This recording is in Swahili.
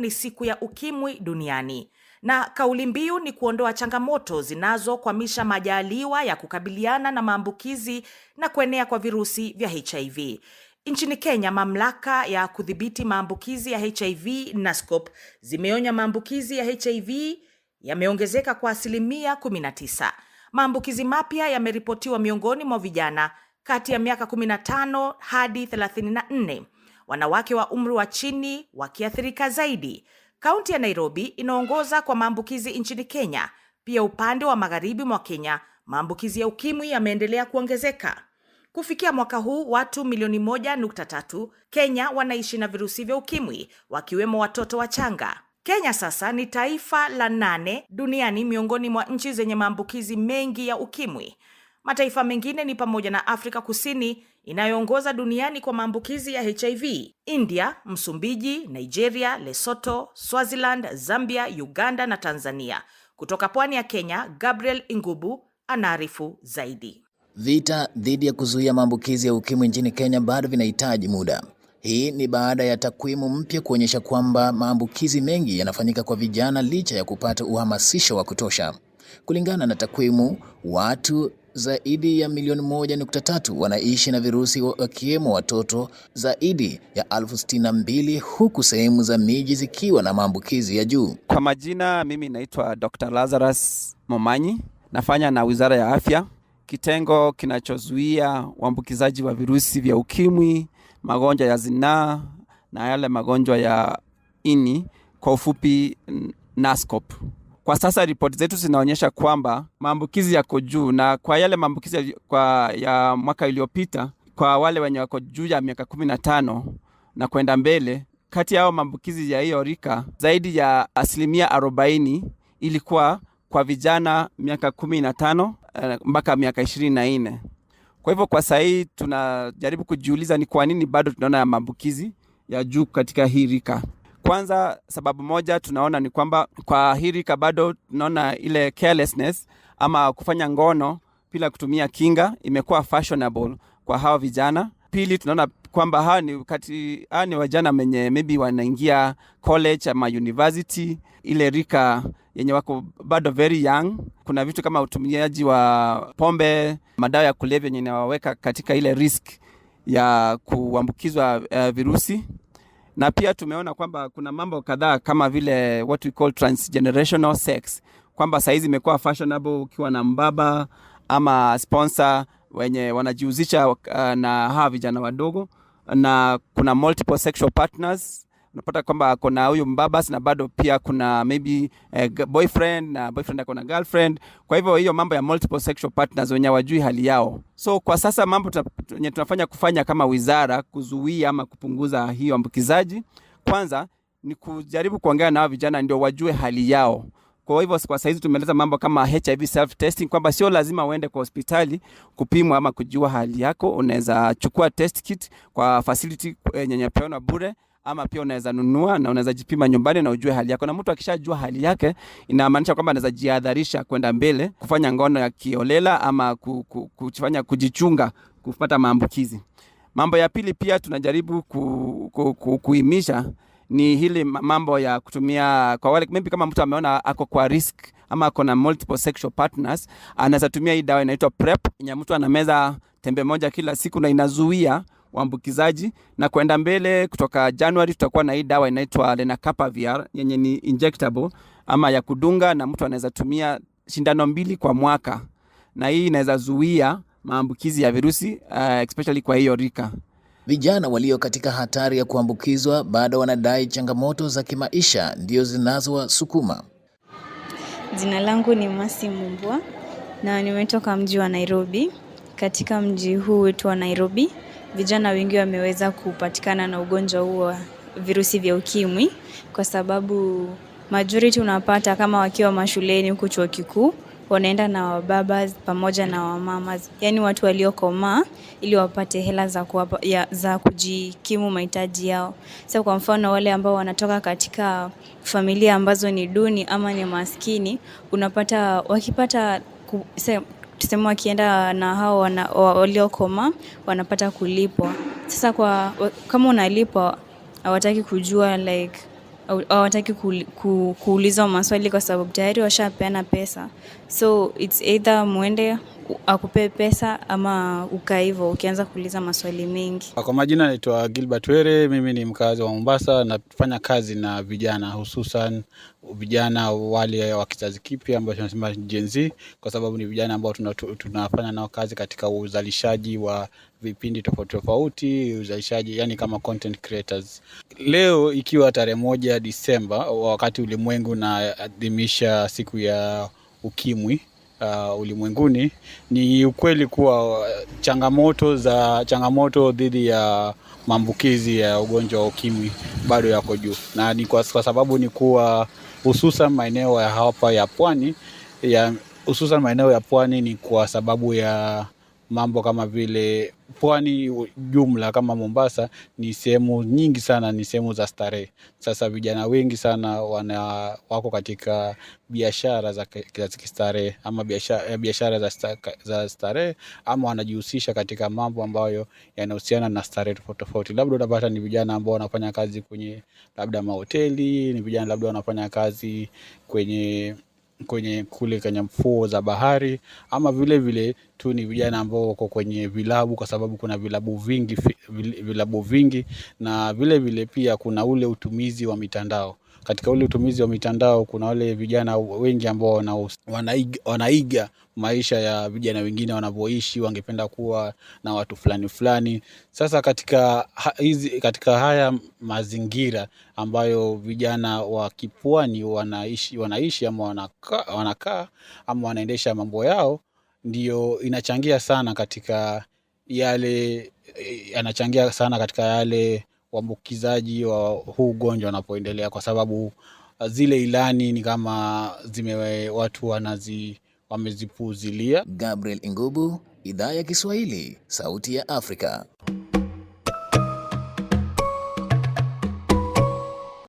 ni siku ya ukimwi duniani na kauli mbiu ni kuondoa changamoto zinazokwamisha majaliwa ya kukabiliana na maambukizi na kuenea kwa virusi vya HIV. Nchini Kenya, mamlaka ya kudhibiti maambukizi ya HIV NASCOP zimeonya maambukizi ya HIV yameongezeka kwa asilimia 19. Maambukizi mapya yameripotiwa miongoni mwa vijana kati ya miaka 15 hadi 34 wanawake wa umri wa chini wakiathirika zaidi. Kaunti ya Nairobi inaongoza kwa maambukizi nchini Kenya. Pia upande wa magharibi mwa Kenya, maambukizi ya ukimwi yameendelea kuongezeka. Kufikia mwaka huu watu milioni 13 Kenya wanaishi na virusi vya ukimwi, wakiwemo watoto wachanga. Kenya sasa ni taifa la nane duniani miongoni mwa nchi zenye maambukizi mengi ya ukimwi. Mataifa mengine ni pamoja na Afrika Kusini inayoongoza duniani kwa maambukizi ya HIV, India, Msumbiji, Nigeria, lesoto Swaziland, Zambia, Uganda na Tanzania. Kutoka pwani ya Kenya, Gabriel Ingubu anaarifu zaidi. Vita dhidi ya kuzuia maambukizi ya ukimwi nchini Kenya bado vinahitaji muda. Hii ni baada ya takwimu mpya kuonyesha kwamba maambukizi mengi yanafanyika kwa vijana licha ya kupata uhamasisho wa kutosha. Kulingana na takwimu, watu zaidi ya milioni moja nukta tatu wanaishi na virusi wakiwemo watoto zaidi ya elfu sitini na mbili huku sehemu za miji zikiwa na maambukizi ya juu. Kwa majina, mimi naitwa Dr. Lazarus Momanyi, nafanya na Wizara ya Afya, kitengo kinachozuia uambukizaji wa virusi vya ukimwi, magonjwa ya zinaa na yale magonjwa ya ini, kwa ufupi NASCOP. Kwa sasa ripoti zetu zinaonyesha kwamba maambukizi yako juu, na kwa yale maambukizi ya, ya mwaka iliyopita kwa wale wenye wako juu ya miaka kumi na tano na kwenda mbele, kati ya yao maambukizi ya hiyo rika zaidi ya asilimia arobaini ilikuwa kwa vijana miaka kumi na tano eh, mpaka miaka ishirini na nne. Kwa hivyo kwa sahii tunajaribu kujiuliza ni kwa nini bado tunaona maambukizi ya juu katika hii rika kwanza, sababu moja tunaona ni kwamba kwa rika bado tunaona ile carelessness ama kufanya ngono bila kutumia kinga imekuwa fashionable kwa hawa vijana. Pili, tunaona kwamba hawa ni kati hawa ni wajana wenye maybe wanaingia college ama university, ile rika yenye wako bado very young. Kuna vitu kama utumiaji wa pombe, madawa ya kulevya yenye inawaweka katika ile risk ya kuambukizwa uh, virusi na pia tumeona kwamba kuna mambo kadhaa kama vile what we call transgenerational sex, kwamba saizi imekuwa fashionable ukiwa na mbaba ama sponsor wenye wanajihusisha uh, na hawa vijana wadogo, na kuna multiple sexual partners unapata kwamba kuna huyu mbabas na bado pia kuna maybe eh, boyfriend na boyfriend akona girlfriend. Kwa hivyo hiyo mambo ya multiple sexual partners wenye wajui hali yao So kwa sasa mambo tunafanya kufanya kama wizara kuzuia ama kupunguza hiyo ambukizaji, kwanza ni kujaribu kuongea nao vijana ndio wajue hali yao. Kwa hivyo kwa saizi tumeleta mambo kama HIV self testing, kwamba sio lazima uende kwa hospitali kupimwa ama kujua hali yako. Unaweza chukua test kit kwa facility eh, yenye inapeana bure ama pia unaweza nunua na unaweza jipima nyumbani na ujue hali yako, na mtu akishajua hali yake inamaanisha kwamba anaweza jihadharisha kwenda mbele kufanya ngono ya kiolela ama kufanya kujichunga kupata maambukizi. Mambo ya pili pia tunajaribu ku, ku, ku, kuimisha ni hili mambo ya kutumia kwa wale maybe kama mtu ameona ako kwa risk ama ako na multiple sexual partners, anaweza tumia hii dawa inaitwa PrEP yenye mtu anameza tembe moja kila siku na inazuia uambukizaji na kwenda mbele, kutoka Januari tutakuwa na hii dawa inaitwa lenacapavir yenye ni injectable ama ya kudunga, na mtu anaweza tumia shindano mbili kwa mwaka, na hii inaweza zuia maambukizi ya virusi uh, especially kwa hiyo rika. Vijana walio katika hatari ya kuambukizwa bado wanadai changamoto za kimaisha ndio zinazowasukuma. Jina langu ni Masi Mumbwa na nimetoka mji wa Nairobi. Katika mji huu wetu wa Nairobi vijana wengi wameweza kupatikana na ugonjwa huo wa virusi vya ukimwi kwa sababu majority unapata kama wakiwa mashuleni huku chuo kikuu wanaenda na wababa pamoja na wamama, yani watu waliokomaa ili wapate hela za, kuwapa, ya, za kujikimu mahitaji yao. Sasa kwa mfano wale ambao wanatoka katika familia ambazo ni duni ama ni maskini, unapata wakipata tuseme wakienda na hao waliokoma wanapata kulipwa. Sasa kwa kama unalipwa hawataki kujua like hawataki kuulizwa maswali kwa sababu tayari washapeana pesa, so it's either mwende akupe pesa ama ukae hivyo ukianza kuuliza maswali mengi. Kwa majina naitwa Gilbert Were, mimi ni mkazi wa Mombasa, nafanya kazi na vijana, hususan vijana wale wa kizazi kipya ambao tunasema Gen Z, kwa sababu ni vijana ambao tunafanya nao kazi katika uzalishaji wa vipindi tofauti tofauti, uzalishaji, yani kama content creators. Leo ikiwa tarehe moja Disemba, wakati ulimwengu unaadhimisha siku ya ukimwi uh, ulimwenguni, ni ukweli kuwa changamoto za changamoto dhidi ya maambukizi ya ugonjwa wa ukimwi bado yako juu, na ni kwa, kwa sababu ni kuwa hususan maeneo ya hapa ya pwani ya hususan maeneo ya pwani ni kwa sababu ya mambo kama vile pwani jumla kama Mombasa ni sehemu nyingi sana, ni sehemu za starehe. Sasa vijana wengi sana wana wako katika biashara za kistarehe ama biashara biashara za, za starehe ama wanajihusisha katika mambo ambayo yanahusiana na starehe tofauti tofauti. Labda unapata ni vijana ambao wanafanya kazi kwenye labda mahoteli, ni vijana labda wanafanya kazi kwenye kwenye kule kwenye fuo za bahari, ama vile vile tu ni vijana ambao wako kwenye vilabu, kwa sababu kuna vilabu vingi, vilabu vingi na vile vile pia kuna ule utumizi wa mitandao katika ule utumizi wa mitandao kuna wale vijana wengi ambao wanaiga, wanaiga maisha ya vijana wengine wanavyoishi, wangependa kuwa na watu fulani fulani. Sasa katika, hizi, katika haya mazingira ambayo vijana wa kipwani wanaishi, wanaishi ama wanakaa wanaka, ama wanaendesha mambo yao, ndio inachangia sana katika yale eh, yanachangia sana katika yale uambukizaji wa huu ugonjwa unapoendelea, kwa sababu uh, zile ilani ni kama zime watu wanazi wamezipuuzilia. Gabriel Ingubu, Idhaa ya Kiswahili, Sauti ya Afrika.